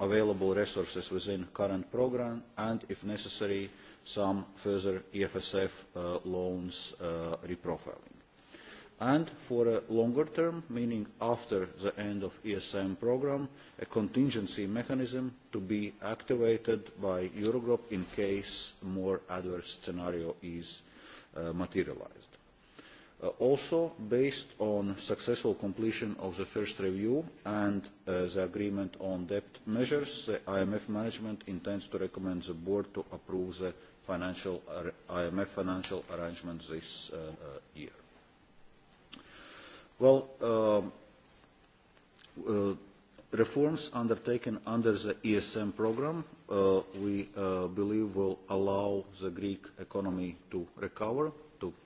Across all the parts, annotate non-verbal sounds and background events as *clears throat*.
available resources within current programme and, if necessary, some further EFSF uh, loans uh, reprofiling. And for a longer term, meaning after the end of ESM programme a contingency mechanism to be activated by Eurogroup in case more adverse scenario is uh, materialized. Uh, also based on successful completion of the first review and uh, the agreement on debt measures, the IMF management intends to recommend the board to approve the financial, uh, IMF financial arrangements this year. Well, um, uh, reforms undertaken under the ESM program, uh, we believe will allow the Greek economy to recover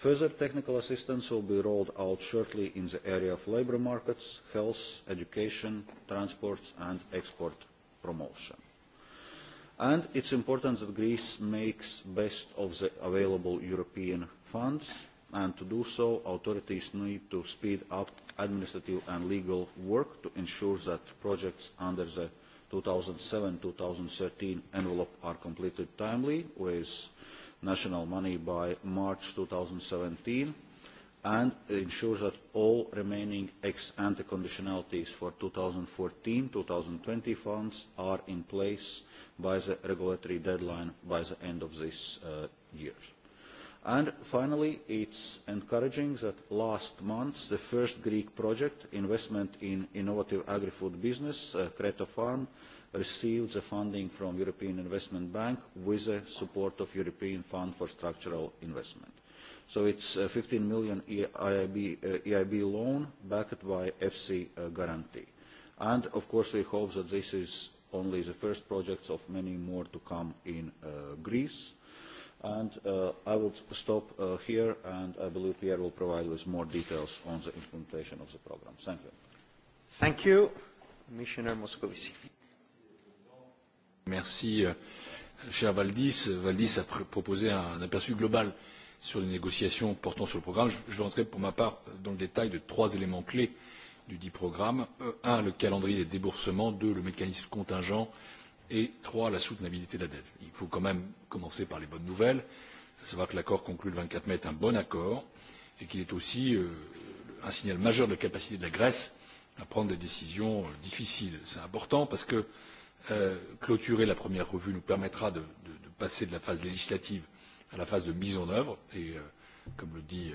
Further technical assistance will be rolled out shortly in the area of labour markets, health, education, transports and export promotion. And it's important that Greece makes best of the available European funds and to do so authorities need to speed up administrative and legal work to ensure that projects under the 2007-2013 envelope are completed timely with national money by March 2017 and ensure that all remaining ex-ante conditionalities for 2014-2020 funds are in place by the regulatory deadline by the end of this uh, year. And finally, it's encouraging that last month, the first Greek project, Investment in Innovative Agri-Food Business, Kreta uh, Creta Farm, received the funding from European Investment Bank with the support of European Fund for Structural Investment. So it's a uh, 15 million EIB, uh, e loan backed by FC guarantee. And of course, we hope that this is only the first projects of many more to come in Greece And uh, I would stop uh, here, and I believe Pierre will provide with more details on the implementation of the program. Thank you. Thank you, Commissioner Moscovici. Merci, euh, cher Valdis. Valdis a proposé un aperçu global sur les négociations portant sur le programme. Je vais entrer pour ma part dans le détail de trois éléments clés du dit programme. Euh, un, le calendrier des déboursements. Deux, le mécanisme contingent et trois la soutenabilité de la dette. il faut quand même commencer par les bonnes nouvelles à savoir que l'accord conclu le vingt quatre mai est un bon accord et qu'il est aussi euh, un signal majeur de la capacité de la grèce à prendre des décisions euh, difficiles. c'est important parce que euh, clôturer la première revue nous permettra de, de passer de la phase législative à la phase de mise en œuvre et comme le dit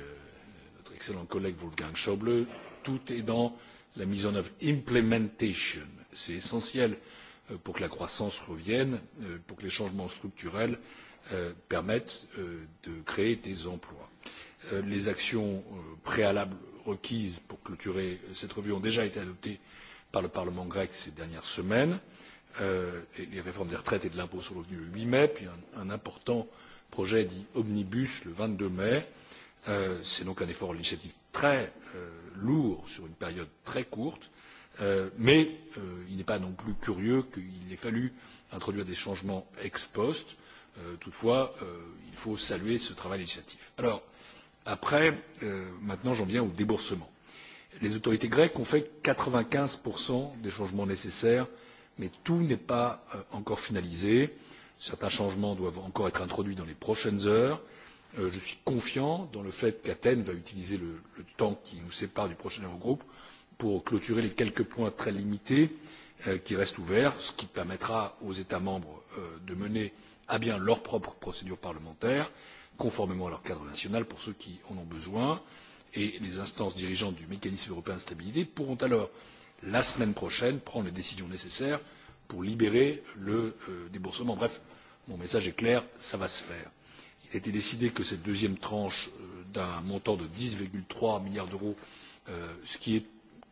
notre excellent collègue wolfgang schuble tout est dans la mise en œuvre implementation. c'est essentiel. Euh, pour que la croissance revienne euh, pour que les changements structurels euh, permettent de créer des emplois. les actions préalables requises pour clôturer cette revue ont déjà été adoptées par le parlement grec ces dernières semaines les réformes des retraites et de l'impôt sur le revenu le huit mai puis un important projet dit omnibus le vingt deux mai. c'est donc un effort législatif très lourd sur une période très courte Euh, mais euh, il n'est pas non plus curieux qu'il ait fallu introduire des changements ex post. Euh, toutefois il faut saluer ce travail législatif. après maintenant j'en viens au déboursement. les autorités grecques ont fait quatre vingt quinze des changements nécessaires mais tout n'est pas encore finalisé. certains changements doivent encore être introduits dans les prochaines heures. je suis confiant dans le fait qu'athènes va utiliser le temps qui nous sépare du prochain eurogroupe pour clôturer les quelques points très limités euh, qui restent ouverts ce qui permettra aux états membres euh, de mener à bien leur propre procédure parlementaire conformément à leur cadre national pour ceux qui en ont besoin et les instances dirigeantes du mécanisme européen de stabilité pourront alors la semaine prochaine prendre les décisions nécessaires pour libérer le euh, déboursement. bref mon message est clair cela va se faire. il a été décidé que cette deuxième tranche d'un montant de dix trois milliards d'euros ce qui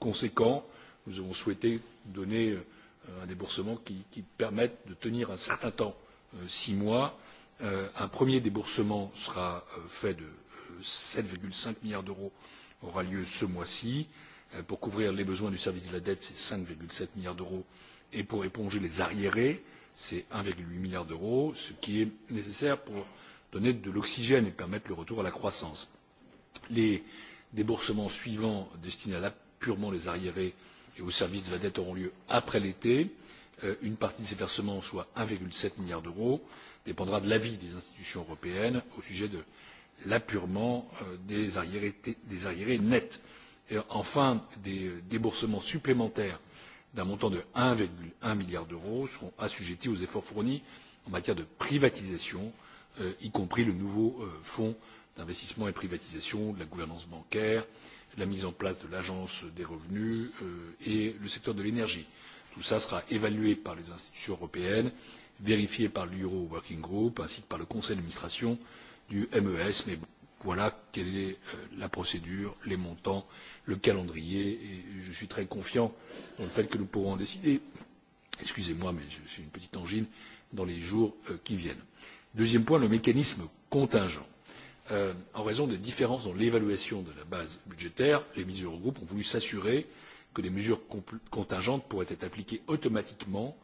conséquent nous avons souhaité donner euh, un déboursement qui, permette de tenir un certain temps euh, six mois. Euh, un premier déboursement sera fait de sept cinq milliards d'euros aura lieu ce mois ci pour couvrir les besoins du service de la dette c'est cinq sept milliards d'euros et pour éponger les arriérés c'est un huit milliard d'euros ce qui est nécessaire pour donner de l'oxygène et permettre le retour à la croissance. les déboursements suivants destinés purement les arriérés et au service de la dette auront lieu après l'été euh, une partie de ces versements soit un sept milliard d'euros dépendra de l'avis des institutions européennes au sujet de l'apurement euh, des arriérés nets. enfin des euh, déboursements supplémentaires d'un montant de un un milliard d'euros seront assujettis aux efforts fournis en matière de privatisation y compris le nouveau fonds d'investissement et de privatisation de la gouvernance bancaire la mise en place de l'agence des revenus euh, et le secteur de l'énergie. tout cela sera évalué par les institutions européennes vérifié par l'euro working group ainsi que par le conseil d'administration du mes mais voilà quelle est euh, la procédure les montants le calendrier et je suis très confiant dans le fait que nous pourrons en décider excusez moi mais j'ai une petite angine dans les jours euh, qui viennent. deuxième point le mécanisme contingent Euh, en raison des différences dans l'évaluation de la base budgétaire les ministres de l'eurogroupe ont voulu s'assurer que les mesures contingentes pourraient être appliquées automatiquement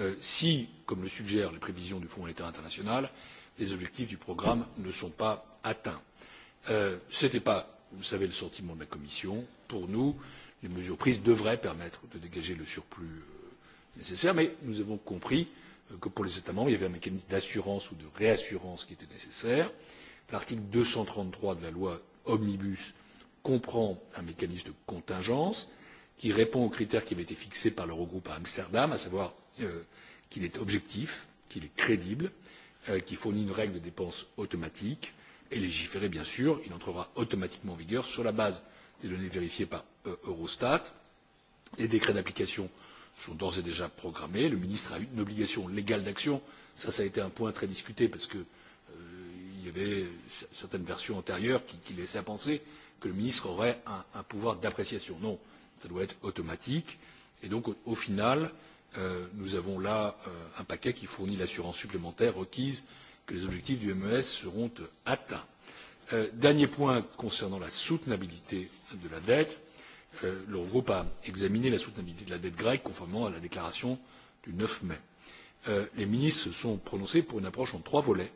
euh, si comme le suggèrent les prévisions du fonds monétaire international les objectifs du programme ne sont pas atteints. Euh, ce n'était pas vous le savez le sentiment de la commission. pour nous les mesures prises devraient permettre de dégager le surplus nécessaire mais nous avons compris que pour les états membres il y avait un mécanisme d'assurance ou de réassurance qui était nécessaire l'article deux cent trente trois de la loi omnibus comprend un mécanisme de contingence qui répond aux critères qui avaient été fixés par l'eurogroupe à amsterdam à savoir euh, qu'il est objectif qu'il est crédible euh, qu'il fournit une règle de dépenses automatique et légiféré bien sûr il entrera automatiquement en vigueur sur la base des données vérifiées par euh, eurostat. les décrets d'application sont d'ores et déjà programmés le ministre a une obligation légale d'action cela a été un point très discuté parce y avait certaines versions antérieures qui, qui laissaient à penser que le ministre aurait un, un pouvoir d'appréciation. non ça doit être automatique et donc au, au final euh, nous avons là euh, un paquet qui fournit l'assurance supplémentaire requise que les objectifs du mes seront atteints. Euh, dernier point concernant la soutenabilité de la dette euh, l'eurogroupe a examiné la soutenabilité de la dette grecque conformément à la déclaration du neuf mai. Euh, les ministres se sont prononcés pour une approche en trois volets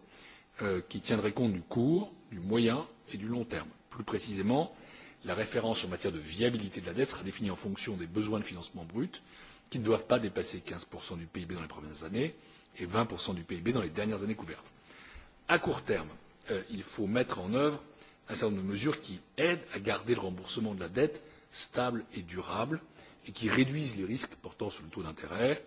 Euh, qui tiendrait compte du court du moyen et du long terme. plus précisément la référence en matière de viabilité de la dette sera définie en fonction des besoins de financement brut qui ne doivent pas dépasser quinze du pib dans les premières années et vingt du pib dans les dernières années couvertes. à court terme euh, il faut mettre en œuvre un certain nombre de mesures qui aident à garder le remboursement de la dette stable et durable et qui réduisent les risques portant sur le taux d'intérêt.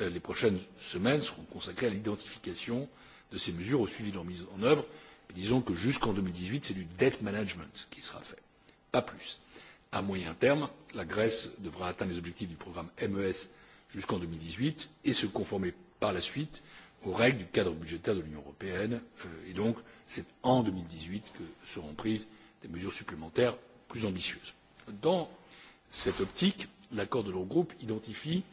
Euh, les prochaines semaines seront consacrées à l'identification de ces mesures au suivi de leur mise en œuvre mais disons que jusqu'en deux mille dix huit c'est du debt management qui sera fait pas plus. à moyen terme la grèce devra atteindre les objectifs du programme mes jusqu'en deux mille dix huit et se conformer par la suite aux règles du cadre budgétaire de l'union européenne euh, et donc c'est en deux mille dix huit que seront prises des mesures supplémentaires plus ambitieuses. dans cette optique l'accord de l'eurogroupe identifie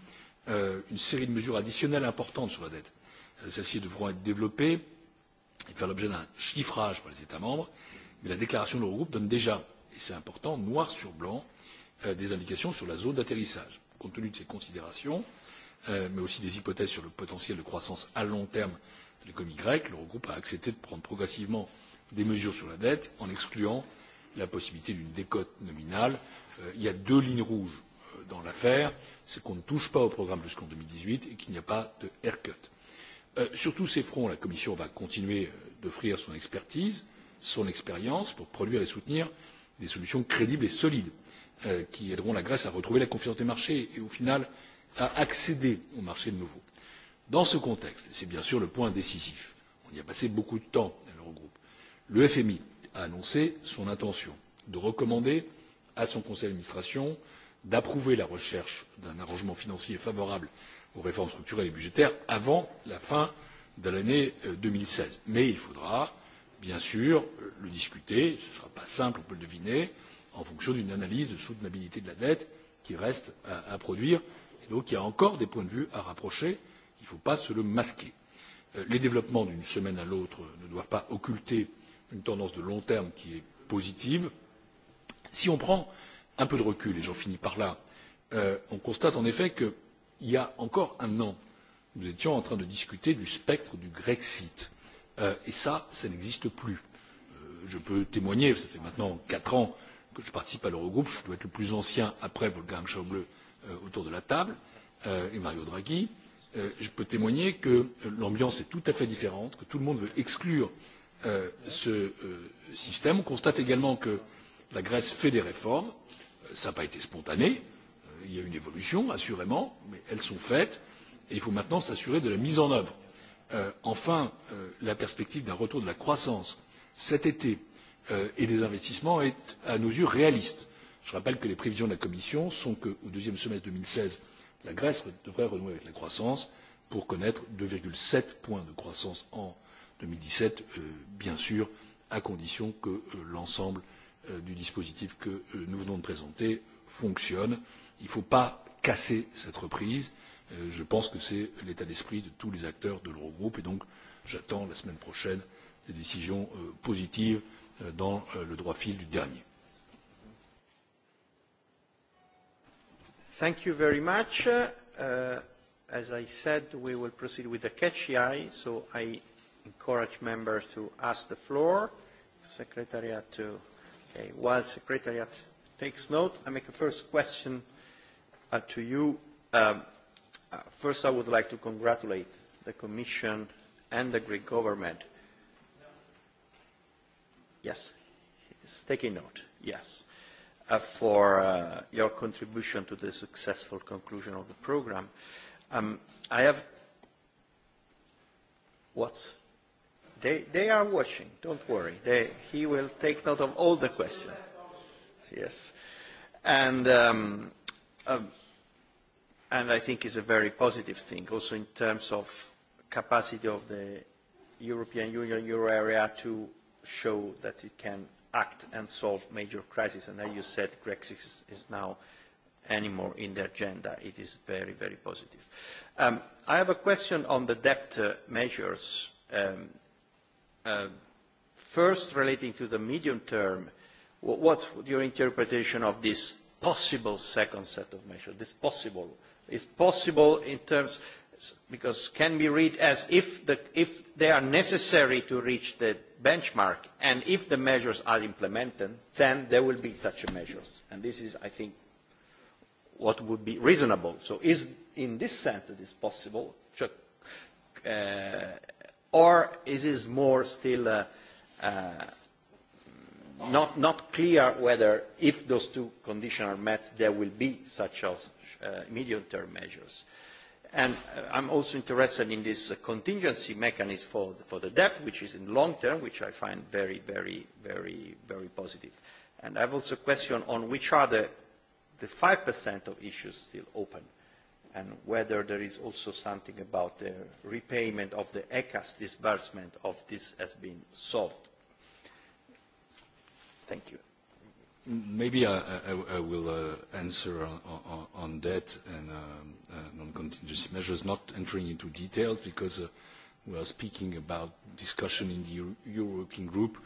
euh, une série de mesures additionnelles importantes sur la celles ci devront être développées et faire l'objet d'un chiffrage par les états membres mais la déclaration de l'eurogroupe donne déjà et c'est important noir sur blanc euh, des indications sur la zone d'atterrissage. compte tenu de ces considérations euh, mais aussi des hypothèses sur le potentiel de croissance à long terme de l'économie grecque l'eurogroupe a accepté de prendre progressivement des mesures sur la dette en excluant la possibilité d'une décote nominale. Euh, il y a deux lignes rouges dans l'affaire c'est qu'on ne touche pas au programme jusqu'en deux mille dix huit et qu'il n'y a pas de haircut. Euh, sur tous ces fronts la commission va continuer euh, d'offrir son expertise son expérience pour produire et soutenir des solutions crédibles et solides euh, qui aideront la grèce à retrouver la confiance des marchés et au final à accéder aux marchés de nouveau. dans ce contexte et c'est bien sûr le point décisif on y a passé beaucoup de temps à l'eurogroupe le fmi a annoncé son intention de recommander à son conseil d'administration d'approuver la recherche d'un arrangement financier favorable aux réformes structurelles et budgétaires avant la fin de l'année euh, deux mille seize mais il faudra bien sûr euh, le discuter ce ne sera pas simple on peut le deviner en fonction d'une analyse de soutenabilité de la dette qui reste à produire et donc il y a encore des points de vue à rapprocher il ne faut pas se le masquer. Euh, les développements d'une semaine à l'autre ne doivent pas occulter une tendance de long terme qui est positive. si on prend un peu de recul et j'en finis par là on constate en effet il y a encore un an nous étions en train de discuter du spectre du grexit euh, et cela ça n'existe plus. Euh, je peux témoigner cela fait maintenant quatre ans que je participe à l'eurogroupe je dois être le plus ancien après wolfgang schuble euh, autour de la table et mario draghi je peux témoigner que l'ambiance est tout à fait différente que tout le monde veut exclure ce système. on constate également que la grèce fait des réformes cela n'a pas été spontané il y a une évolution assurément mais elles sont faites et il faut maintenant s'assurer de la mise en œuvre. Euh, enfin euh, la perspective d'un retour de la croissance cet été euh, et des investissements est à nos yeux réaliste. je rappelle que les prévisions de la commission sont qu'au deuxième semestre deux mille seize la grèce devrait renouer avec la croissance pour connaître deux sept points de croissance en deux mille dix sept bien sûr à condition que l'ensemble du dispositif que nous venons de présenter fonctionne il ne faut pas casser cette reprise euh, je pense que c'est l'état d'esprit de tous les acteurs de l'eurogroupe et donc j'attends la semaine prochaine des décisions euh, positives euh, dans le droit fil du dernier. Thank you very much. Uh, as I said, we will proceed with the catchy eye, so I encourage members to ask the floor. Secretariat to, okay, while Secretariat takes note, I make a first question uh, to you. Um, uh, first, I would like to congratulate the Commission and the Greek government. Yes, he's taking note. Yes. Uh, for uh, your contribution to the successful conclusion of the program. Um, I have... What? They, they are watching, don't worry. They, he will take note of all the questions. Yes. And um, um, and I think is a very positive thing, also in terms of capacity of the European Union euro area to show that it can act and solve major crises. And as you said, Brexit is, is now anymore in the agenda. It is very, very positive. Um, I have a question on the debt uh, measures. Um, uh, first, relating to the medium term, what, what your interpretation of this possible second set of measures, this possible is possible in terms because can be read as if, the, if they are necessary to reach the benchmark and if the measures are implemented, then there will be such measures. And this is, I think, what would be reasonable. So is in this sense it is possible, to, uh, or is it more still uh, uh, not, not clear whether if those two conditions are met, there will be such a Uh, medium-term measures. And uh, I'm also interested in this contingency mechanism for, for the debt, which is in long term, which I find very, very, very, very positive. And I have also a question on which are the, the 5% of issues still open and whether there is also something about the repayment of the ECAS disbursement of this has been solved. Thank you. Maybe I, will uh, answer on, debt and, um, uh, non contingency measures, not entering into details because uh, we are speaking about discussion in the European group,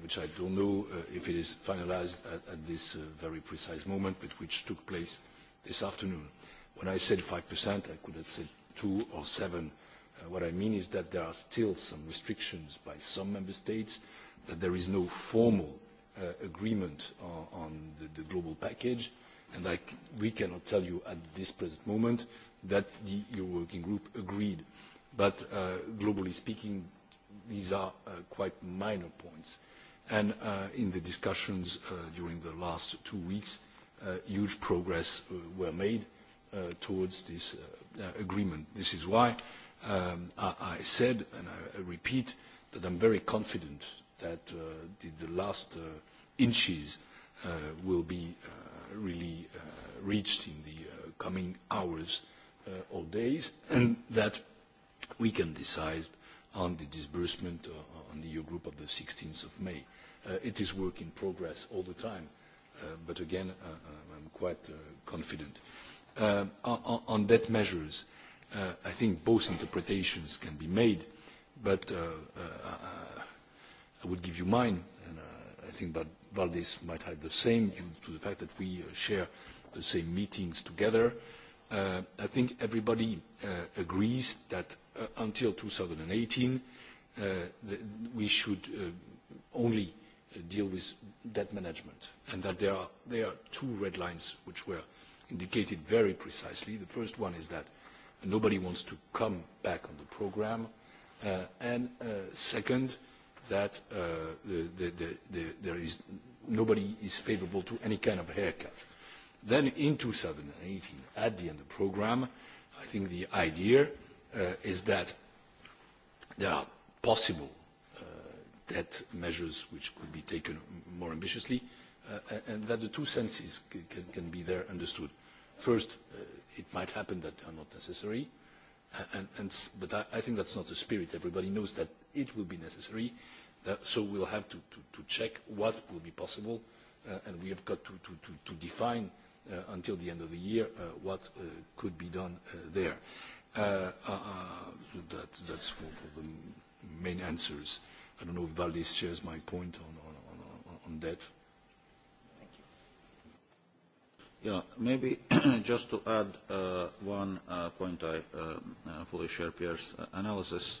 which I don't know if it is finalized at this very precise moment, but which took place this afternoon. When I said 5%, I could have said 2 or 7. What I mean is that there are still some restrictions by some member states, that there is no formal Uh, agreement on, on the, the global package, and I we cannot tell you at this present moment that the your working group agreed. But uh, globally speaking, these are uh, quite minor points. And uh, in the discussions uh, during the last two weeks, uh, huge progress uh, were made uh, towards this uh, uh, agreement. This is why um, I, I said, and I, I repeat, that I'm very confident that uh, the, last uh, inches uh, will be really reached in the coming hours or days, and that we can decide on the disbursement on the EU group of the 16th of May. It is work in progress all the time, but again, I'm quite confident. On debt measures, I think both interpretations can be made, but I would give you mine, and uh, I think that Valdis might have the same due to the fact that we uh, share the same meetings together. Uh, I think everybody uh, agrees that uh, until 2018, the, uh, we should only deal with debt management, and that there are, there are two red lines which were indicated very precisely. The first one is that nobody wants to come back on the program. And second, that uh, nobody is favourable to any kind of haircut. Then in 2018, at the end of the programme, I think the idea uh, is that there are possible uh, debt measures which could be taken more ambitiously, and that the two senses can, be there understood. First, it might happen that they are not necessary, but I, I think that's not the spirit. Everybody knows that it will be necessary. Uh, so will have to, check what will be possible, uh, and we have got to, define uh, until the end of the year what could be done there. that's for, the main answers. I don't know if Valdis shares my point on, debt. on, on Yeah, maybe *clears throat* just to add one point I fully share Pierre's analysis.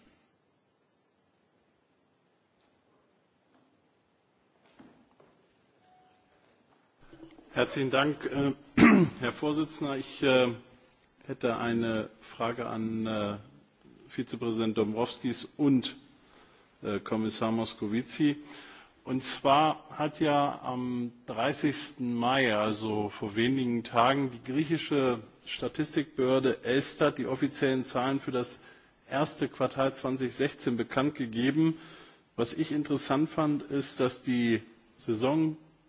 Äh, *clears throat* Herr präsident! Ich äh, hätte eine Frage an äh, Vizepräsident Dombrovskis und Kommissar Moscovici. Und zwar hat ja am dreißig Mai, also vor wenigen Tagen, die griechische Statistikbehörde Elstat die offiziellen Zahlen für das erste Quartal zweitausendsechzehn bekannt gegeben. Was ich interessant fand, ist, dass die Saison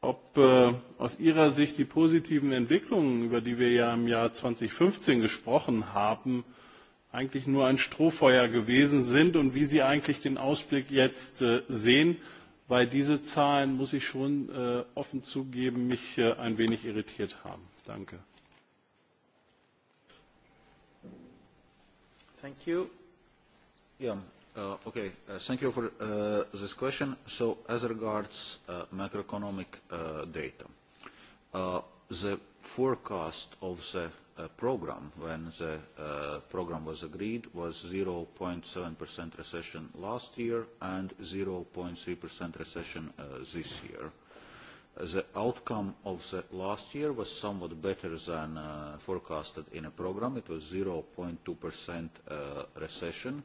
ob äh, aus Ihrer Sicht die positiven Entwicklungen, über die wir ja im Jahr 2015 gesprochen haben, eigentlich nur ein Strohfeuer gewesen sind und wie Sie eigentlich den Ausblick jetzt äh, sehen, weil diese Zahlen, muss ich schon äh, offen zugeben, mich äh, ein wenig irritiert haben. Danke. Thank you. Yeah. Uh, okay, uh, thank you for uh, this question. So as regards macroeconomic data, the forecast of the program when the program was agreed was 0.7% recession last year and 0.3% recession this year. The outcome of the last year was somewhat better than forecasted in a program. It was 0.2% recession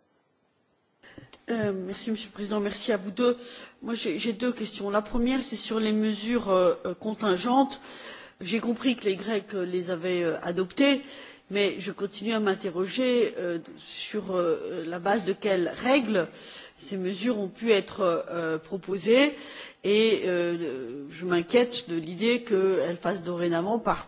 Euh, Monsieur le Président, merci à vous deux. j'ai deux questions. La première c'est sur les mesures euh, euh, contingentes. J'ai compris que les Grecs les avaient adoptées, mais je continue à m'interroger sur la base de quelles règles ces mesures ont pu être proposées et je m'inquiète de l'idée qu'elles fassent dorénavant par,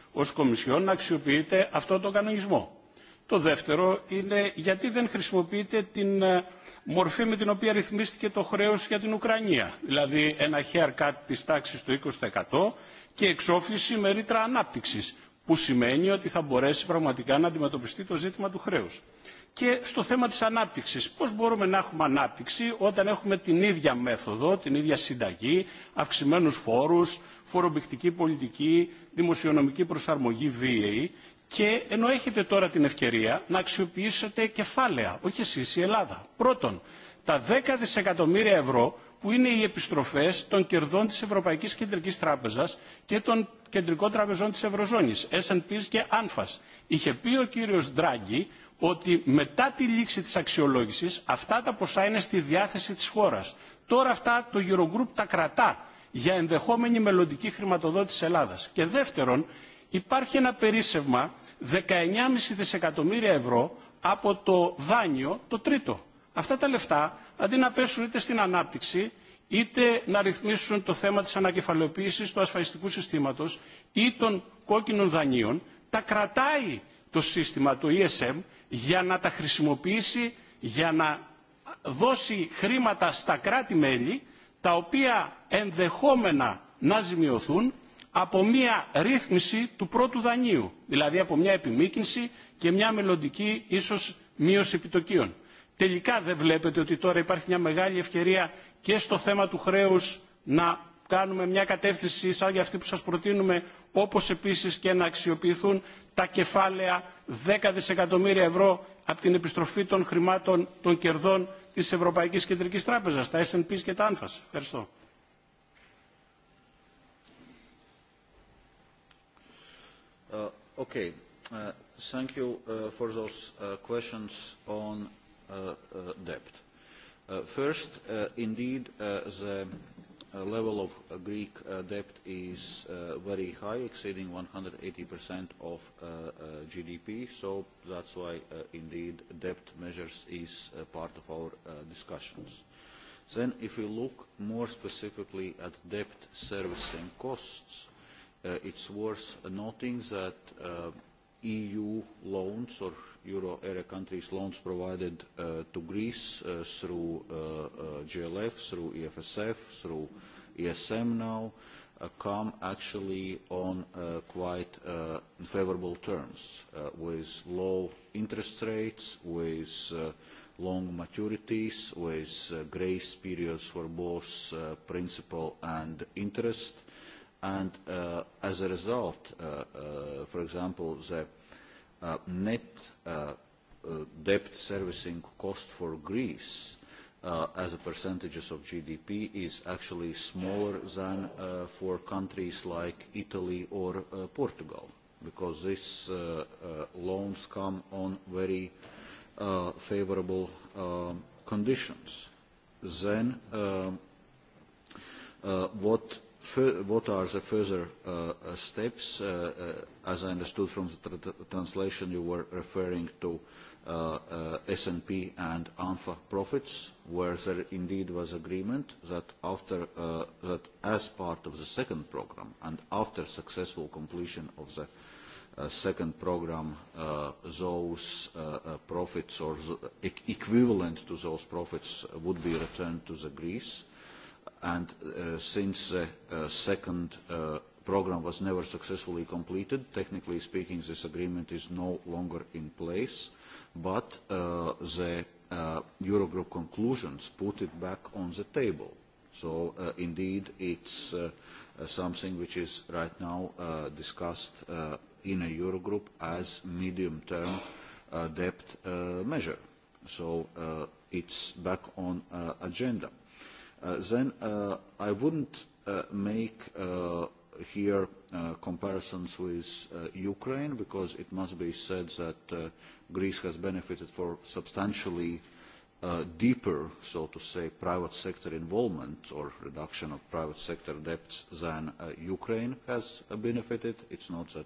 ως Κομισιόν να αξιοποιείτε αυτό το κανονισμό. Το δεύτερο είναι γιατί δεν χρησιμοποιείτε την μορφή με την οποία ρυθμίστηκε το χρέος για την Ουκρανία. Δηλαδή ένα haircut της τάξης του 20% και εξόφληση με ρήτρα ανάπτυξης που σημαίνει ότι θα μπορέσει πραγματικά να αντιμετωπιστεί το ζήτημα του χρέους και στο θέμα της ανάπτυξης. Πώς μπορούμε να έχουμε ανάπτυξη όταν έχουμε την ίδια μέθοδο, την ίδια συνταγή, αυξημένους φόρους, φορομπηκτική πολιτική, δημοσιονομική προσαρμογή βίαιη και ενώ έχετε τώρα την ευκαιρία να αξιοποιήσετε κεφάλαια, όχι εσείς η Ελλάδα. Πρώτον, τα 10 δισεκατομμύρια ευρώ που είναι οι επιστροφές των κερδών της Ευρωπαϊκής Κεντρικής Τράπεζας και των κεντρικών τραπεζών της Ευρωζώνης, S&P και ANFAS. Είχε πει ο κύριος Ντράγκη ότι μετά τη λήξη της αξιολόγησης αυτά τα ποσά είναι στη διάθεση της χώρας. Τώρα αυτά το Eurogroup τα κρατά για ενδεχόμενη μελλοντική χρηματοδότηση της Ελλάδας. Και δεύτερον, υπάρχει ένα περίσσευμα 19,5 δισεκατομμύρια ευρώ από το δάνειο το τρίτο. Αυτά τα λεφτά αντί να πέσουν είτε στην ανάπτυξη είτε να ρυθμίσουν το θέμα της ανακεφαλαιοποίησης του ασφαλιστικού συστήματος ή των κόκκινων δανείων, τα κρατάει το σύστημα, το ESM, για να τα χρησιμοποιήσει, για να δώσει χρήματα στα κράτη-μέλη, τα οποία ενδεχόμενα να ζημιωθούν από μια ρύθμιση του πρώτου δανείου, δηλαδή από μια επιμήκυνση και μια μελλοντική ίσως μείωση επιτοκίων. Τελικά δεν βλέπετε ότι τώρα υπάρχει μια μεγάλη ευκαιρία και στο θέμα του χρέους να κάνουμε μια κατεύθυνση σαν για αυτή που σας προτείνουμε, όπως επίσης και να αξιοποιηθούν τα κεφάλαια 10 δισεκατομμύρια ευρώ από την επιστροφή των χρημάτων των κερδών της Ευρωπαϊκής Κεντρικής Τράπεζας, τα S&P και τα ΑΝΦΑΣ. Ευχαριστώ. Uh, okay. Uh, thank you uh, for those uh, questions on uh, uh, debt. Uh, first, uh, indeed, uh, the Uh, level of uh, Greek uh, debt is very high, exceeding 180% of GDP. So that's why, indeed, debt measures is part of our discussions. Then if we look more specifically at debt servicing costs, it's worth noting that EU loans or euro area countries loans provided uh, to Greece uh, through uh, GLF, through EFSF, through ESM now come actually on quite favorable terms with low interest rates, with long maturities, with grace periods for both principal and interest And uh, as a result, uh, uh, for example, the uh, net uh, uh, debt servicing cost for Greece uh, as a percentages of GDP is actually smaller than uh, for countries like Italy or uh, Portugal, because these uh, uh, loans come on very uh, favorable uh, conditions. Then uh, uh, what what are the further uh, uh steps? Uh, uh, as I understood from the translation, you were referring to uh, S&P and ANFA profits, where there indeed was agreement that after that as part of the second program and after successful completion of the second program, those profits or the equivalent to those profits would be returned to the Greece and uh, since the uh, uh, second uh, program was never successfully completed, technically speaking, this agreement is no longer in place, but uh, the uh, Eurogroup conclusions put it back on the table. So uh, indeed, it's uh, uh something which is right now uh, discussed uh, in a Eurogroup as medium-term uh, debt uh, measure. So uh, it's back on uh, agenda. Uh, then uh, I wouldn't uh, make uh, here uh, comparisons with uh, Ukraine because it must be said that uh, Greece has benefited for substantially uh, deeper, so to say, private sector involvement or reduction of private sector debts than uh, Ukraine has uh, benefited. It's not that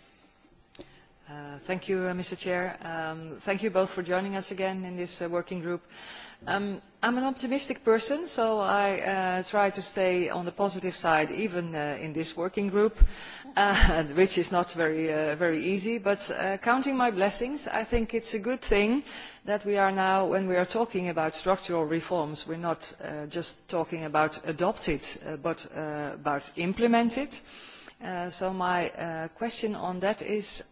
Uh, uh, Mr. president um, thank you both for joining us again in this uh, working group. i am um, an optimistic person, so I try to stay on the positive side, even in this working group, *laughs* which is not very, easy. But counting my blessings, I think it is a good thing that we are now, when we are talking about structural reforms, we are not just talking about adopt but about implement so my question on that is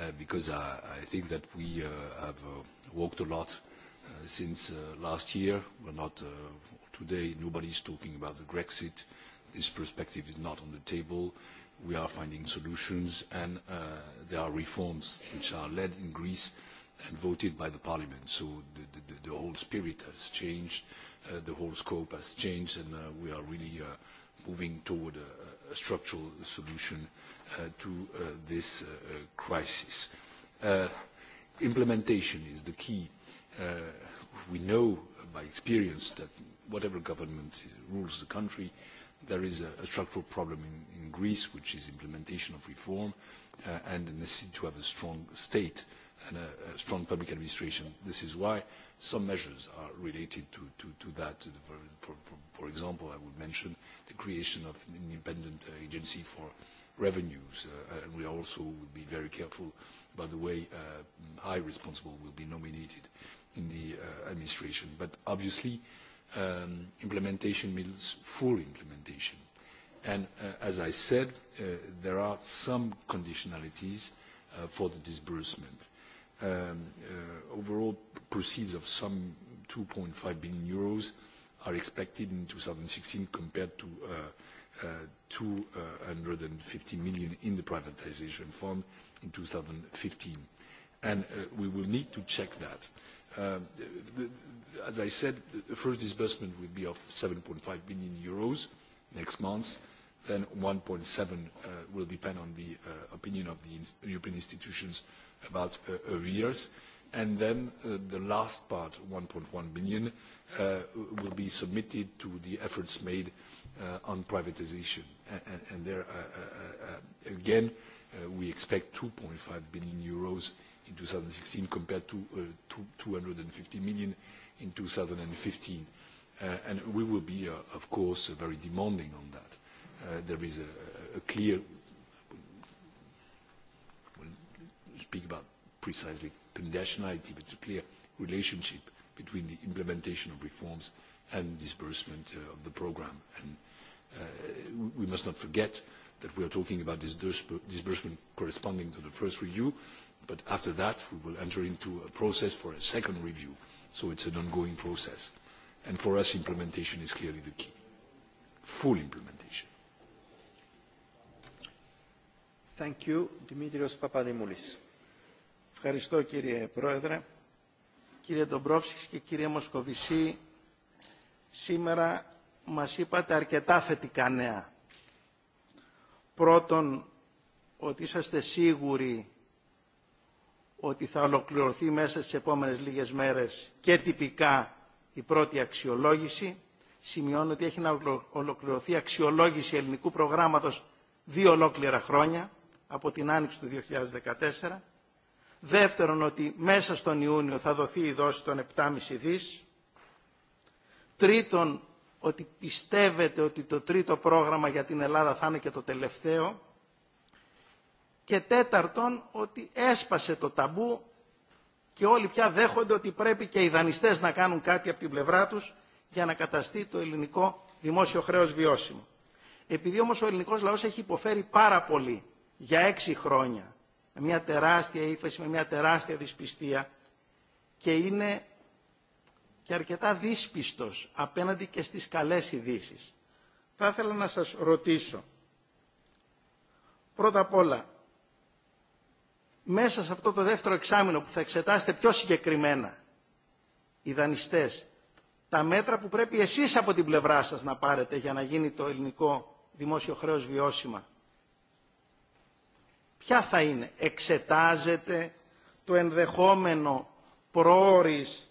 Uh, because I, think that we uh, have uh, worked a lot since last year. We're not today, nobody's talking about the Grexit. This perspective is not on the table. We are finding solutions, and there are reforms which are led in Greece and voted by the parliament. So the, whole spirit has changed, the whole scope has changed, and we are really moving toward a structural solution Uh, to uh, this uh, crisis. Implementation is the key. We know by experience that whatever government rules the country, there is a, structural problem in, Greece, which is implementation of reform and the necessity to have a strong state and a, strong public administration. This is why some measures are related to, that. For, for example, I would mention the creation of an independent agency for revenues. Uh, and We also will be very careful about the way uh, high responsible will be nominated in the uh, administration. But Obviously, um, implementation means full implementation. And As I said, there are some conditionalities for the disbursement. Um, overall proceeds of some 2.5 billion euros are expected in 2016 compared to 250 uh, million in the privatization fund in 2015. Uh, we will need to check that. Um, as I said, the first disbursement will be of 7.5 billion euros next month. Then 1.7 billion uh, will depend on the opinion of the European institutions about arrears. then the last part, 1.1 billion, will be submitted to the efforts made Uh, on privatization. there, uh, uh, again, we expect 2.5 billion euros in 2016 compared to 250 million in 2015. we will be, of course, very demanding on that. There is a, clear, we'll speak about precisely conditionality, but a clear relationship between the implementation of reforms and disbursement of the program. Uh, we must not forget that we are talking about disbursement corresponding to the first review, but after that we will enter into a process for a second review. So it's an ongoing process. And for us, implementation is clearly the key. Full implementation. Thank you. Dimitrios Papadimoulis. Ευχαριστώ κύριε Πρόεδρε. Κύριε Ντομπρόψης και κύριε Μοσκοβισή, σήμερα μας είπατε αρκετά θετικά νέα. Πρώτον, ότι είσαστε σίγουροι ότι θα ολοκληρωθεί μέσα στις επόμενες λίγες μέρες και τυπικά η πρώτη αξιολόγηση. Σημειώνω ότι έχει να ολοκληρωθεί αξιολόγηση ελληνικού προγράμματος δύο ολόκληρα χρόνια από την άνοιξη του 2014. Δεύτερον, ότι μέσα στον Ιούνιο θα δοθεί η δόση των 7,5 δις. Τρίτον, ότι πιστεύετε ότι το τρίτο πρόγραμμα για την Ελλάδα θα είναι και το τελευταίο. Και τέταρτον, ότι έσπασε το ταμπού και όλοι πια δέχονται ότι πρέπει και οι δανειστές να κάνουν κάτι από την πλευρά τους για να καταστεί το ελληνικό δημόσιο χρέος βιώσιμο. Επειδή όμως ο ελληνικός λαός έχει υποφέρει πάρα πολύ για έξι χρόνια, με μια τεράστια ύφεση, με μια τεράστια δυσπιστία και είναι και αρκετά δύσπιστος απέναντι και στις καλές ειδήσει. Θα ήθελα να σας ρωτήσω, πρώτα απ' όλα, μέσα σε αυτό το δεύτερο εξάμεινο που θα εξετάσετε πιο συγκεκριμένα οι δανειστές, τα μέτρα που πρέπει εσείς από την πλευρά σας να πάρετε για να γίνει το ελληνικό δημόσιο χρέος βιώσιμα. Ποια θα είναι, εξετάζετε το ενδεχόμενο πρόορης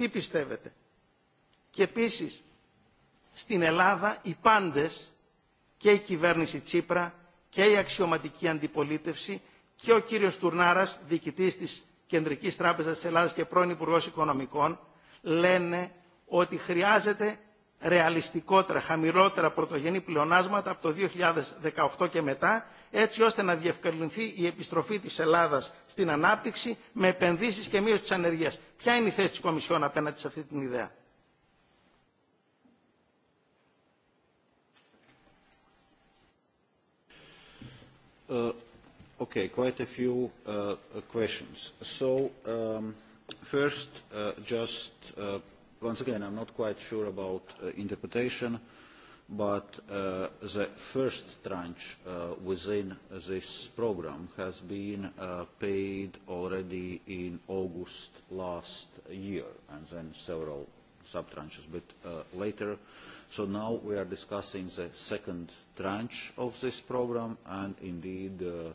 Τι πιστεύετε. Και επίσης, στην Ελλάδα οι πάντες, και η κυβέρνηση Τσίπρα και η αξιωματική αντιπολίτευση και ο κύριος Τουρνάρας, διοικητής της Κεντρικής Τράπεζας της Ελλάδας και πρώην Υπουργός Οικονομικών, λένε ότι χρειάζεται ρεαλιστικότερα, χαμηλότερα πρωτογενή πλεονάσματα από το 2018 και μετά, έτσι ώστε να διευκολυνθεί η επιστροφή της Ελλάδας στην ανάπτυξη με επενδύσεις και μείωση της ανεργίας. Ποια είναι η θέση της Κομισιόν απέναντι σε αυτή την ιδέα. Uh, okay, quite a few uh, questions. So, um, first, uh, just uh, once again, I'm not quite sure about uh, interpretation, but uh, the first tranche uh, within this program has been uh, paid already in August last year, and then several sub-tranches a bit uh, later. So now we are discussing the second tranche of this program, and indeed uh,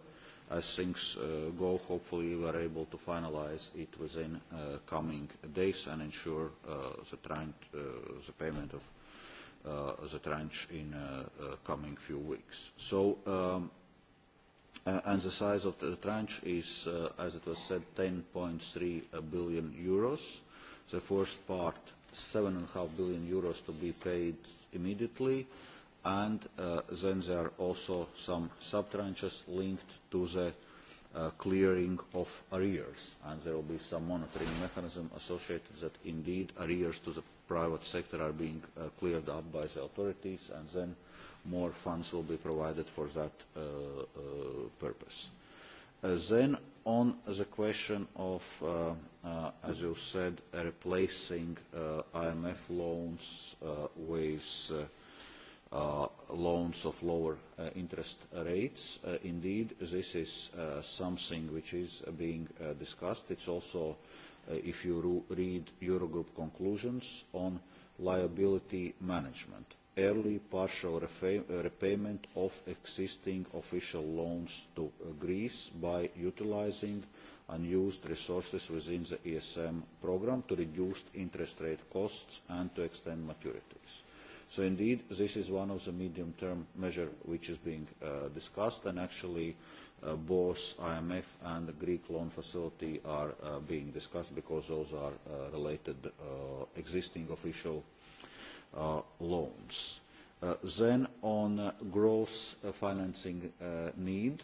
as things uh, go, hopefully we are able to finalize it within uh, coming days and ensure uh, the, trend, uh, the payment of uh, the tranche in uh, uh, coming few weeks. So, um, uh, and the size of the tranche is, uh, as it was said, 10.3 billion euros. The first part, 7.5 billion euros to be paid immediately. Uh, and uh, then there are also some sub-tranches linked to the uh, clearing of arrears, and there will be some monitoring mechanism associated that indeed arrears to the private sector are being uh, cleared up by the authorities, and then more funds will be provided for that purpose. then on the question of, uh, uh, as you said, replacing uh, IMF loans uh, with uh, Uh, loans of lower uh, interest rates. Uh, indeed, this is something which is being discussed. It's also, if you read Eurogroup conclusions on liability management, early partial repayment of existing official loans to Greece by utilizing unused resources within the ESM program to reduce interest rate costs and to extend maturities So indeed, this is one of the medium-term measures which is being uh, discussed, and actually uh, both IMF and the Greek loan facility are uh, being discussed because those are related existing official loans. then on growth financing need,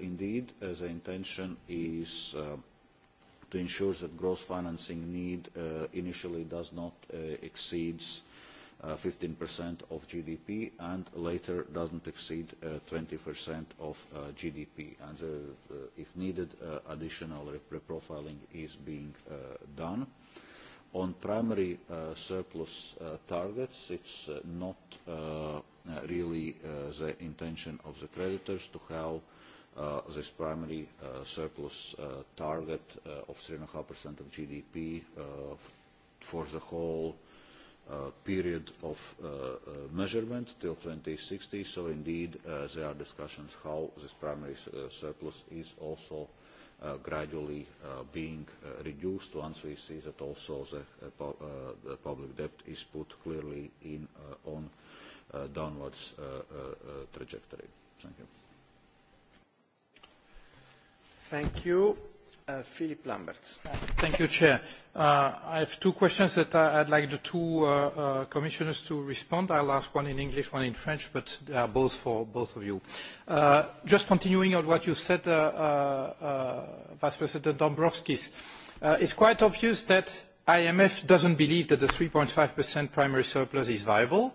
indeed, the intention is to ensure that growth financing need initially does not exceeds 15% uh, of GDP and later doesn't exceed 20% uh, of uh, GDP. And if needed, additional reprofiling is being done. On primary surplus targets, it's not really the intention of the creditors to have this primary surplus target of 3.5% of GDP for the whole Uh, period of uh, uh, measurement till 2060. So indeed, uh, there are discussions how this primary uh, surplus is also gradually being reduced once we see that also the, pu the public debt is put clearly in on downwards trajectory. Thank you. Thank you. Uh, Philip Lamberts. Thank you, Chair. Uh, I have two questions that I, I'd like the two uh, uh, commissioners to respond. I'll ask one in English, one in French, but they are both for both of you. Uh, just continuing on what you said, uh, Vice President Dombrovskis, uh, it's quite obvious that IMF doesn't believe that the 3.5% primary surplus is viable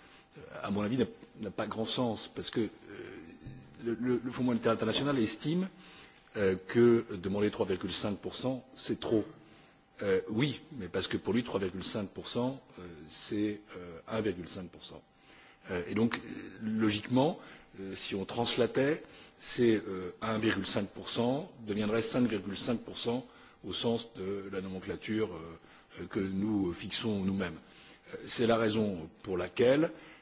à mon avis, n'a pas grand sens parce que euh, le, Fonds monétaire international estime euh, que demander trois cinq c'est trop. Euh, oui, mais parce que pour lui, trois cinq c'est un cinq et donc, logiquement, si on translatait, ces un cinq deviendraient cinq cinq au sens de la nomenclature que nous fixons nous-mêmes. C'est la raison pour laquelle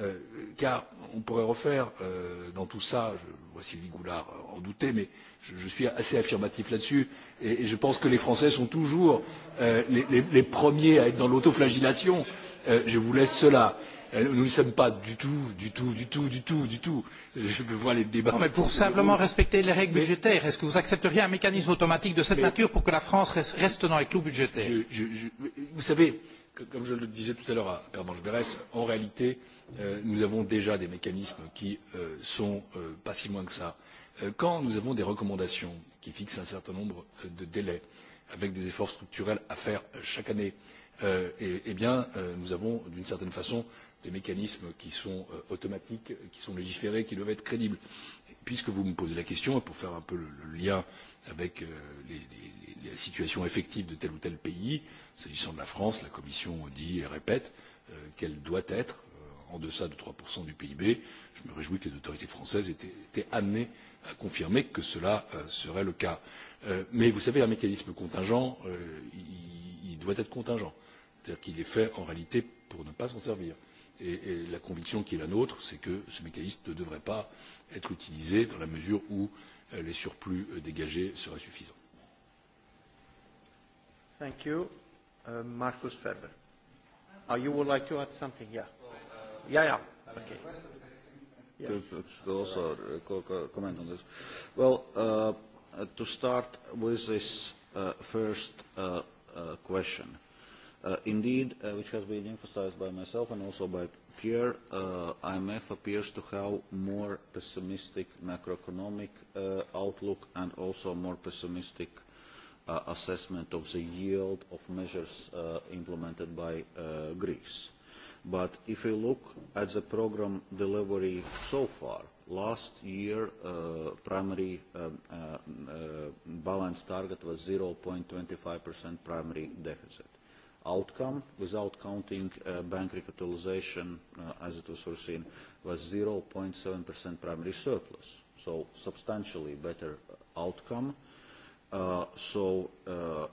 Euh, car on pourrait refaire euh, dans tout cela je vois sylvie goulard en douter mais je, suis assez affirmatif là dessus et, je pense que les français sont toujours euh, les, les, les premiers à être dans l'autoflagellation je vous laisse cela nous ne sommes pas du tout du tout du tout du tout du tout je vois les débats mais pour simplement vous... respecter les règles mais... budgétaires est ce que vous accepteriez un mécanisme automatique de cette mais... nature pour que la france reste dans les clous budgétaires je, je, je... vous savez comme je le disais tout à l'heure à Pervenche Berès, en réalité, euh, nous avons déjà des mécanismes qui ne euh, sont euh, pas si loin que cela. Quand nous avons des recommandations qui fixent un certain nombre de délais, avec des efforts structurels à faire chaque année, eh bien, nous avons d'une certaine façon des mécanismes qui sont automatiques, qui sont légiférés, qui doivent être crédibles. Puisque vous me posez la question, et pour faire un peu le lien avec euh, les, les, la situation effective de tel ou tel pays. S'agissant de la France, la Commission dit et répète euh, qu'elle doit être euh, en deçà de 3% du PIB. Je me réjouis que les autorités françaises aient été amenées à confirmer que cela serait le cas. Mais vous savez, un mécanisme contingent, il, doit être contingent. C'est-à-dire qu'il est fait en réalité pour ne pas s'en servir. Et, la conviction qui est la nôtre, c'est que ce mécanisme ne devrait pas être utilisé dans la mesure où Euh, les surplus euh, dégagés seraient suffisants. Thank you. Uh, Markus Ferber. Oh, you would like to add something? Yeah. Yeah, yeah. Okay. Yes. To uh, also comment on this. Well, uh, to start with this uh, first uh, uh, question. Uh, indeed, uh, which has been emphasized by myself and also by appear, uh, IMF appears to have more pessimistic macroeconomic uh, outlook and also more pessimistic uh, assessment of the yield of measures uh, implemented by uh, Greece. But if you look at the program delivery so far, last year uh, primary um, uh, uh, balance target was 0.25% primary deficit outcome, without counting uh, bank recapitalization uh, as it was foreseen, was 0.7% primary surplus. So substantially better outcome. Uh, so uh,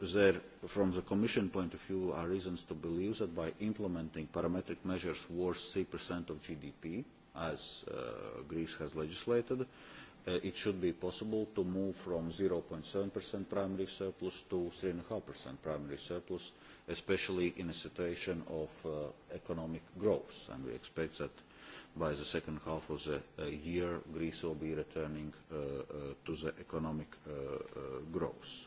there, from the Commission point of view, are reasons to believe that by implementing parametric measures worth 3% of GDP, as uh, Greece has legislated, uh, Uh, it should be possible to move from 0.7% primary surplus to 3.5% primary surplus, especially in a situation of uh, economic growth. And we expect that by the second half of the uh, year, Greece will be returning uh, uh, to the economic uh, uh, growth.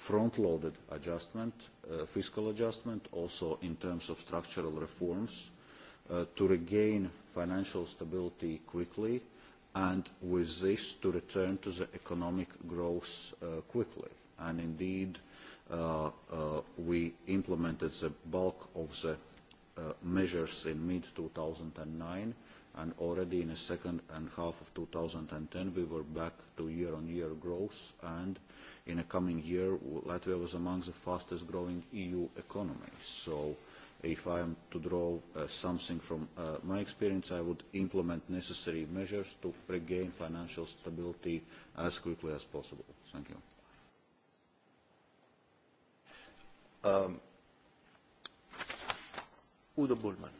front-loaded adjustment, uh, fiscal adjustment, also in terms of structural reforms, uh, to regain financial stability quickly, and with this, to return to the economic growth uh, quickly. And indeed, we implemented the bulk of the measures in mid-2009, and already in the second and half of 2010, we were back to year-on-year growth, and in the coming year, Latvia was among the fastest-growing EU economies. So if I am to draw uh, something from uh, my experience, I would implement necessary measures to regain financial stability as quickly as possible. Thank you. Um, Udo Bullmann.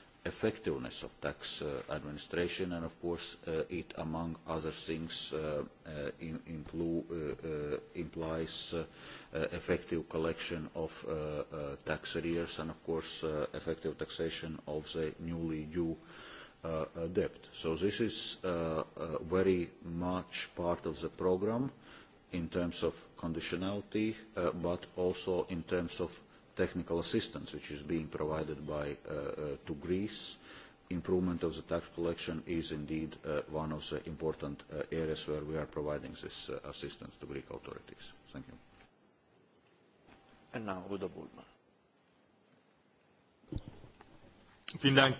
effectiveness of tax uh, administration and of course uh, it among other things uh, uh in, uh, uh, implies effective collection of tax arrears and of course effective taxation of the newly due debt. So this is very much part of the programme in terms of conditionality but also in terms of technical assistance which is being provided by, uh, uh, to Greece. Improvement of the tax collection is indeed uh, one of the important uh, areas where we are providing this uh, assistance to Greek authorities. Thank you. And now, Bullman. Vielen Dank,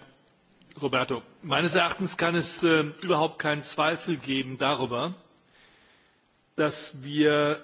Roberto. Meines Erachtens kann es äh, überhaupt keinen Zweifel geben darüber, dass wir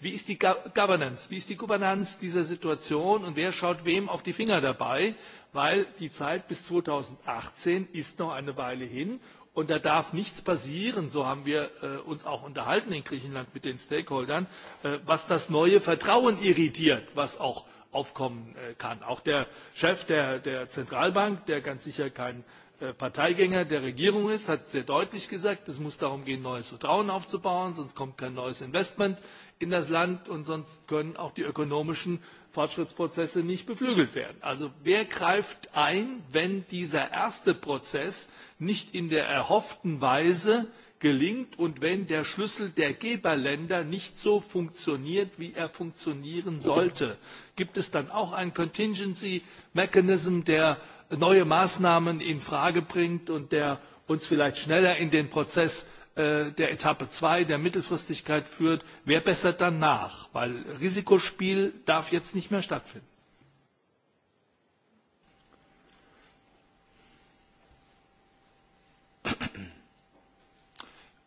Wie ist die Governance? Wie ist die Governance dieser Situation und wer schaut wem auf die Finger dabei? Weil die Zeit bis 2018 ist noch eine Weile hin und da darf nichts passieren, so haben wir äh, uns auch unterhalten in Griechenland mit den Stakeholdern, äh, was das neue Vertrauen irritiert, was auch aufkommen äh, kann. Auch der Chef der, der Zentralbank, der ganz sicher kein Äh, Parteigänger der Regierung ist, hat sehr deutlich gesagt, es muss darum gehen, neues Vertrauen aufzubauen, sonst kommt kein neues Investment in das Land und sonst können auch die ökonomischen Fortschrittsprozesse nicht beflügelt werden. Also wer greift ein, wenn dieser erste Prozess nicht in der erhofften Weise gelingt und wenn der Schlüssel der Geberländer nicht so funktioniert, wie er funktionieren sollte? Gibt es dann auch einen Contingency Mechanism, der neue Maßnahmen in Frage bringt und der uns vielleicht schneller in den Prozess äh, der Etappe 2 der Mittelfristigkeit führt, wer bessert dann nach? Weil Risikospiel darf jetzt nicht mehr stattfinden.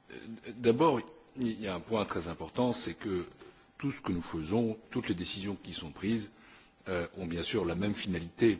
Äh, d'abord, il y a un point très important, c'est que tout ce que nous faisons, toutes les décisions qui sont prises euh, ont bien sûr la même finalité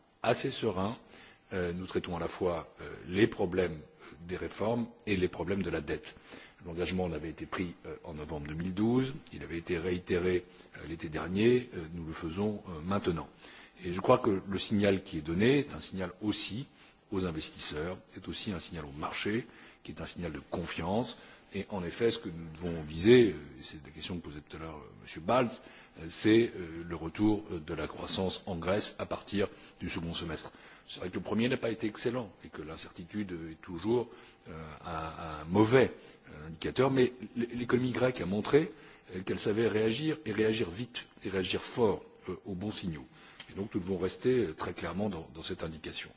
assez serein euh, nous traitons à la fois euh, les problèmes des réformes et les problèmes de la dette. l'engagement avait été pris euh, en novembre deux mille douze il avait été réitéré l'été dernier nous le faisons maintenant et je crois que le signal qui est donné est un signal aussi aux investisseurs est aussi un signal aux marchés qui est un signal de confiance et en effet ce que nous devons viser c'est la question que posait tout à l'heure m. balz c'est euh, le retour de la croissance en grèce à partir du second semestre. il est vrai que le premier n'a pas été excellent et que l'incertitude est toujours euh, un mauvais euh, indicateur mais l'économie grecque a montré qu'elle savait réagir et réagir vite et réagir fort aux bons signaux et donc nous devons rester très clairement dans cette indication.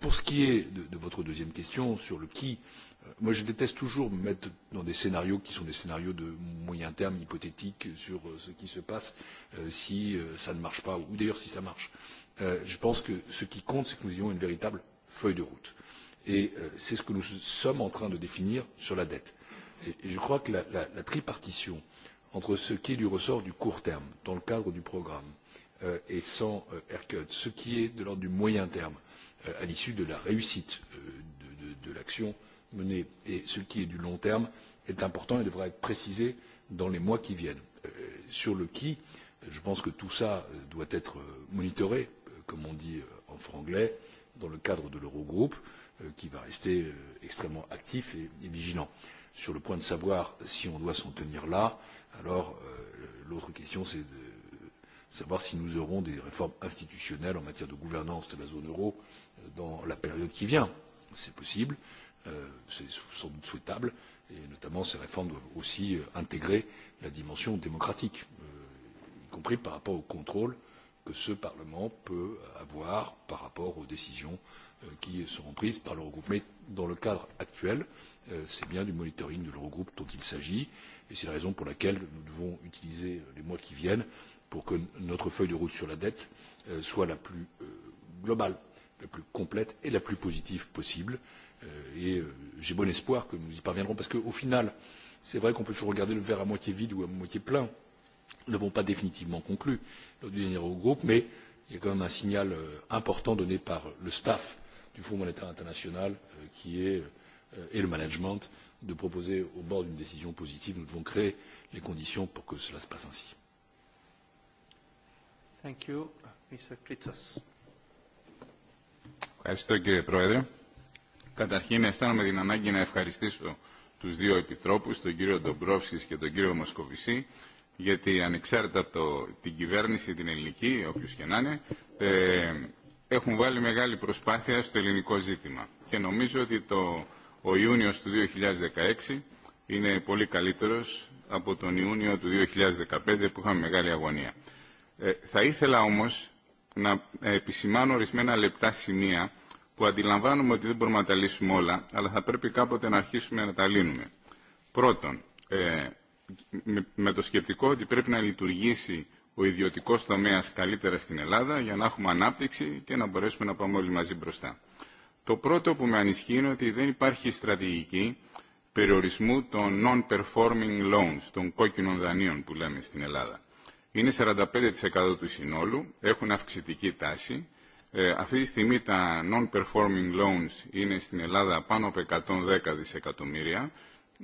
pour ce qui est de votre deuxième question sur le qui Moi, je déteste toujours me mettre dans des scénarios qui sont des scénarios de moyen terme, hypothétiques, sur euh, ce qui se passe euh, si euh, ça ne marche pas, ou d'ailleurs si ça marche. Je pense que ce qui compte, c'est que nous ayons une véritable feuille de route. Et c'est ce que nous sommes en train de définir sur la dette. Et je crois que la, la, la tripartition entre ce qui est du ressort du court terme, dans le cadre du programme, et sans haircut, ce qui est de l'ordre du moyen terme, à l'issue de la réussite de, de, de l'action menée et ce qui est du long terme est important et devra être précisé dans les mois qui viennent. Euh, sur le qui je pense que tout cela euh, doit être euh, monitoré comme on dit en franglais dans le cadre de l'eurogroupe qui va rester extrêmement actif et vigilant. sur le point de savoir si on doit s'en tenir là alors l'autre question c'est de savoir si nous aurons des réformes institutionnelles en matière de gouvernance de la zone euro dans la période qui vient. c'est possible. Euh, c'est sans doute souhaitable et notamment ces réformes doivent aussi euh, intégrer la dimension démocratique euh, y compris par rapport au contrôle que ce parlement peut avoir par rapport aux décisions qui seront prises par l'eurogroupe. mais dans le cadre actuel c'est bien du monitoring de l'eurogroupe dont il s'agit et c'est la raison pour laquelle nous devons utiliser les mois qui viennent pour que notre feuille de route sur la dette soit la plus globale la plus complète et la plus positive possible. Euh, et euh, j'ai bon espoir que nous y parviendrons parce qu'au final c'est vrai qu'on peut toujours regarder le verre à moitié vide ou à moitié plein nous n'avons pas définitivement conclu lors du dernier eurogroupe mais il y a quand même un signal euh, important donné par le staff du fonds monétaire international qui est et le management de proposer au bord d'une décision positive. nous devons créer les conditions pour que cela se passe ainsi. Thank you. Mr. Καταρχήν αισθάνομαι την ανάγκη να ευχαριστήσω τους δύο επιτρόπους, τον κύριο Ντομπρόφσκης και τον κύριο Μοσκοβισή, γιατί ανεξάρτητα από το, την κυβέρνηση, την ελληνική, όποιος και να είναι, ε, έχουν βάλει μεγάλη προσπάθεια στο ελληνικό ζήτημα. Και νομίζω ότι το, ο Ιούνιος του 2016 είναι πολύ καλύτερος από τον Ιούνιο του 2015 που είχαμε μεγάλη αγωνία. Ε, θα ήθελα όμως να επισημάνω ορισμένα λεπτά σημεία που αντιλαμβάνουμε ότι δεν μπορούμε να τα λύσουμε όλα, αλλά θα πρέπει κάποτε να αρχίσουμε να τα λύνουμε. Πρώτον, ε, με το σκεπτικό ότι πρέπει να λειτουργήσει ο ιδιωτικό τομέα καλύτερα στην Ελλάδα για να έχουμε ανάπτυξη και να μπορέσουμε να πάμε όλοι μαζί μπροστά. Το πρώτο που με ανισχύει είναι ότι δεν υπάρχει στρατηγική περιορισμού των non-performing loans, των κόκκινων δανείων που λέμε στην Ελλάδα. Είναι 45% του συνόλου, έχουν αυξητική τάση Ε, αυτή τη στιγμή τα non-performing loans είναι στην Ελλάδα πάνω από 110 δισεκατομμύρια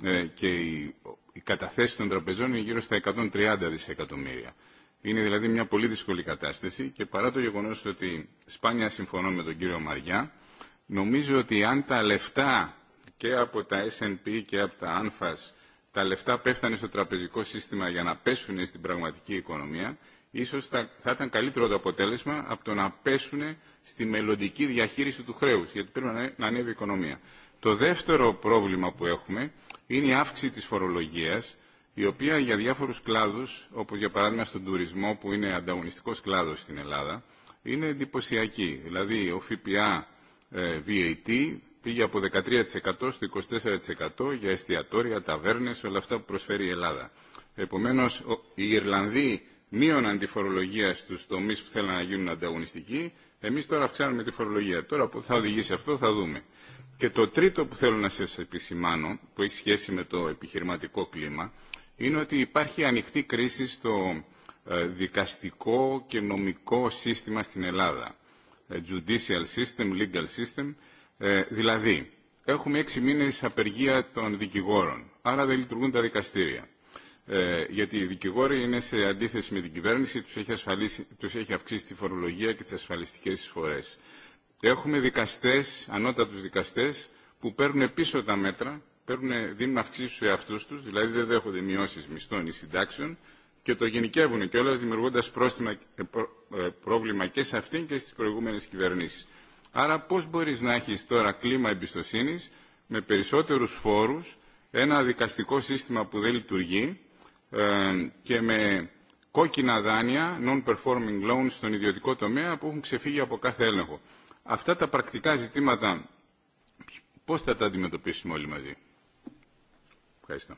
ε, και η, η καταθέση των τραπεζών είναι γύρω στα 130 δισεκατομμύρια. Είναι δηλαδή μια πολύ δύσκολη κατάσταση και παρά το γεγονός ότι σπάνια συμφωνώ με τον κύριο Μαριά, νομίζω ότι αν τα λεφτά και από τα S&P και από τα ANFAS τα λεφτά πέφτανε στο τραπεζικό σύστημα για να πέσουν στην πραγματική οικονομία, ίσως θα, θα ήταν καλύτερο το αποτέλεσμα από το να πέσουν στη μελλοντική διαχείριση του χρέους, γιατί πρέπει να, να ανέβει η οικονομία. Το δεύτερο πρόβλημα που έχουμε είναι η αύξηση της φορολογίας, η οποία για διάφορους κλάδους, όπως για παράδειγμα στον τουρισμό που είναι ανταγωνιστικός κλάδος στην Ελλάδα, είναι εντυπωσιακή. Δηλαδή ο ΦΠΑ ε, VAT πήγε από 13% στο 24% για εστιατόρια, ταβέρνες, όλα αυτά που προσφέρει η Ελλάδα. Επομένως, οι Ιρλανδοί μείωναν τη φορολογία στου τομεί που θέλαν να γίνουν ανταγωνιστικοί, Εμεί τώρα αυξάνουμε τη φορολογία. Τώρα που θα οδηγήσει αυτό θα δούμε. Και το τρίτο που θέλω να σα επισημάνω, που έχει σχέση με το επιχειρηματικό κλίμα, είναι ότι υπάρχει ανοιχτή κρίση στο δικαστικό και νομικό σύστημα στην Ελλάδα. Judicial system, legal system. Δηλαδή, έχουμε έξι μήνες απεργία των δικηγόρων, άρα δεν λειτουργούν τα δικαστήρια ε, γιατί οι δικηγόροι είναι σε αντίθεση με την κυβέρνηση, τους έχει, ασφαλίσει, τους έχει αυξήσει τη φορολογία και τις ασφαλιστικές εισφορές. Έχουμε δικαστές, ανώτατους δικαστές, που παίρνουν πίσω τα μέτρα, παίρνουν, δίνουν αυξήσεις σε αυτούς τους, δηλαδή δεν δέχονται μειώσεις μισθών ή συντάξεων, και το γενικεύουν κιόλας δημιουργώντας πρόστιμα, πρόβλημα και σε αυτήν και στις προηγούμενες κυβερνήσεις. Άρα πώς μπορείς να έχεις τώρα κλίμα εμπιστοσύνης με περισσότερους φόρους, ένα δικαστικό σύστημα που δεν λειτουργεί, και με κόκκινα δάνεια, non-performing loans στον ιδιωτικό τομέα που έχουν ξεφύγει από κάθε έλεγχο. Αυτά τα πρακτικά ζητήματα πώς θα τα αντιμετωπίσουμε όλοι μαζί. Ευχαριστώ.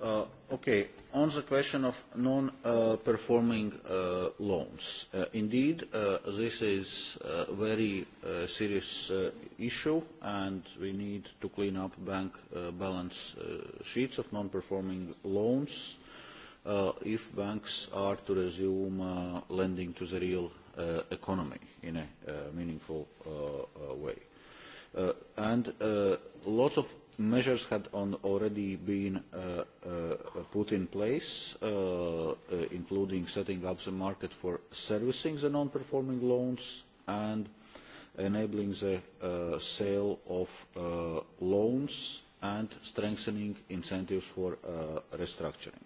Uh, okay. On the question of non-performing uh, uh, loans, indeed, uh, this is a very uh, serious uh, issue, and we need to clean up bank balance sheets of non-performing loans if banks are to resume lending to the real economy in a meaningful way. And lots of measures had on already been uh, uh, put in place, uh, uh, including setting up the market for servicing the non-performing loans and enabling the uh, sale of uh, loans and strengthening incentives for restructuring.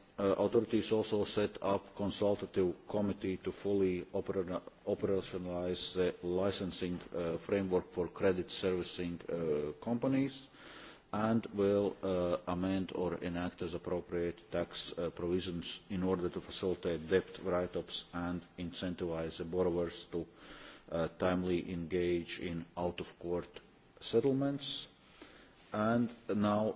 Uh, authorities also set up a consultative committee to fully operationalise operationalize the licensing uh, framework for credit servicing uh, companies and will uh, amend or enact as appropriate tax uh, provisions in order to facilitate debt write-ups and incentivize the borrowers to uh, timely engage in out-of-court settlements. And now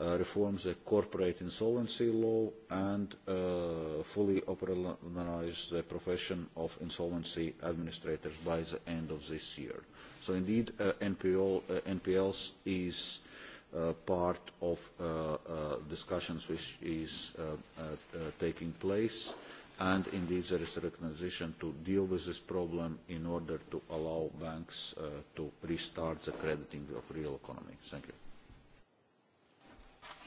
Uh, reforms the corporate insolvency law and uh, fully operationalise the profession of insolvency administrators by the end of this year. So indeed, uh, NPLs is Uh, part of uh, uh, discussions which is taking place and indeed there is a recognition to deal with this problem in order to allow banks to restart the crediting of real economy. Thank you.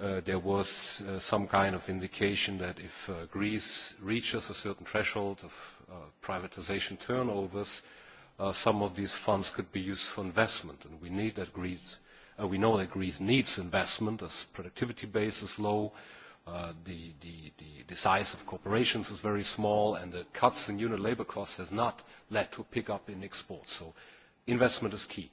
Uh, there was uh, some kind of indication that if uh, Greece reaches a certain threshold of uh, privatization turnovers, uh, some of these funds could be used for investment. And we need that Greece, uh, we know that Greece needs investment as productivity base is low, uh, the, the, the, the size of corporations is very small, and the cuts in unit labor costs has not led to a pickup in exports. So investment is key.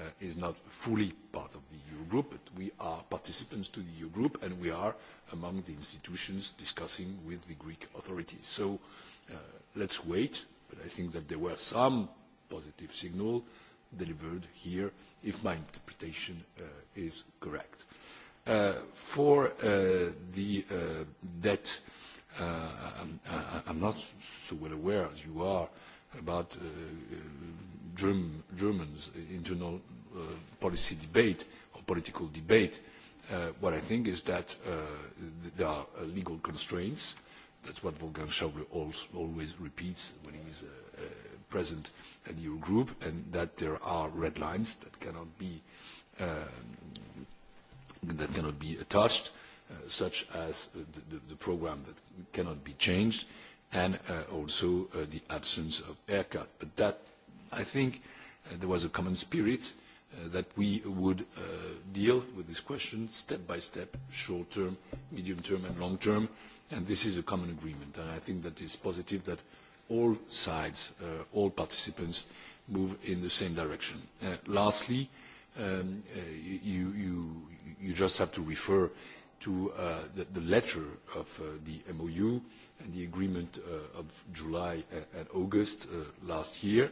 Uh, is not fully part of the EU group, but we are participants to the EU group, and we are among the institutions discussing with the Greek authorities. So uh, let us wait, but I think that there were some positive signals delivered here, if my interpretation uh, is correct. For the debt, i am not so well aware as you are about Germany's internal Uh, policy debate or political debate, uh, what I think is that uh, there are legal constraints. that is what Wolfgang schuble always repeats when he is present at the Eurogroup, and that there are red lines that cannot be um, touched, such as the, programme that cannot be changed, and also the absence of haircut. But that, I think, there was a common spirit Uh, that we would uh, deal with this question step by step, short term, medium term, and long term. and This is a common agreement. and I think that it's positive that all sides, uh, all participants move in the same direction. Lastly, um, you, you, you just have to refer to uh, the, the letter of uh, the MOU and the agreement uh, of July and August last year.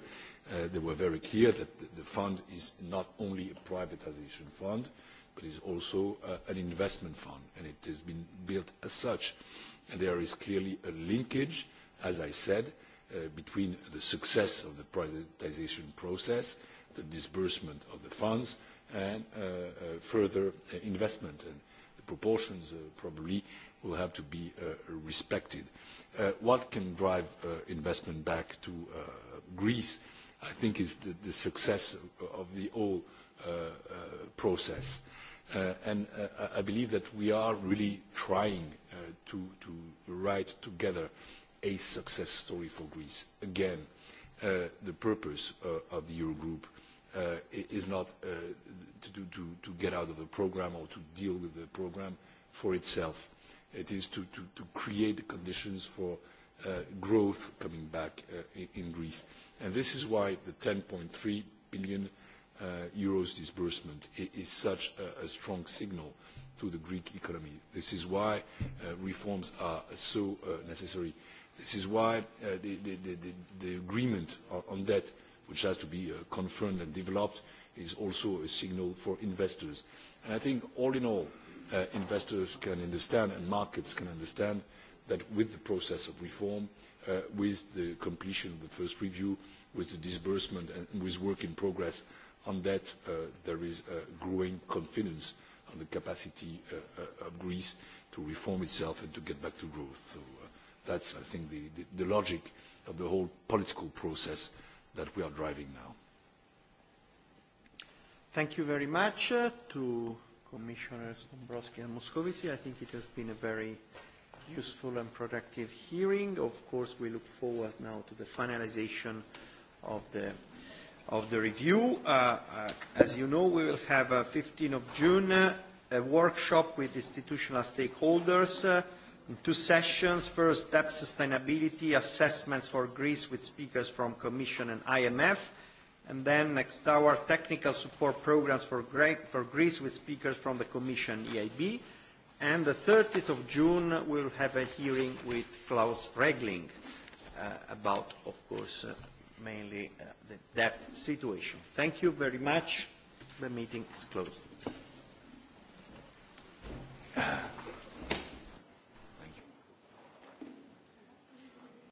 Uh, they were very clear that the fund is not only a privatisation fund but is also uh, an investment fund and it has been built as such. And there is clearly a linkage as i said uh, between the success of the privatisation process the disbursement of the funds and further investment and the proportions probably will have to be respected. what can drive investment back to greece? I think is the, success of the whole uh, uh, process. Uh, and I believe that we are really trying to, write together a success story for Greece. Again, the purpose of the Eurogroup is not to, get out of the programme or to deal with the programme for itself. It is to create the conditions for Uh, growth coming back uh, in Greece. And this is why the 10.3 billion uh, euros disbursement is such a, strong signal to the Greek economy. This is why reforms are so necessary. This is why the, the agreement on debt, which has to be confirmed and developed, is also a signal for investors. And I think all in all, investors can understand and markets can understand that with the process of reform, uh, with the completion of the first review, with the disbursement and with work in progress on that, uh, there is growing confidence on the capacity uh, of Greece to reform itself and to get back to growth. So that's, I think, the, the logic of the whole political process that we are driving now. Thank you very much to Commissioners Dombrovskis and Moscovici. I think it has been a very useful and productive hearing. Of course, we look forward now to the finalization of the of the review. Uh, uh, as you know, we will have uh, 15 of June uh, a workshop with institutional stakeholders uh, in two sessions. First, debt sustainability assessments for Greece with speakers from Commission and IMF. And then next hour, technical support programs for, Gre for Greece with speakers from the Commission EIB. And the 30th of June, we'll have a hearing with Klaus Regling uh, about, of course, uh, mainly uh, the debt situation. Thank you very much. The meeting is closed.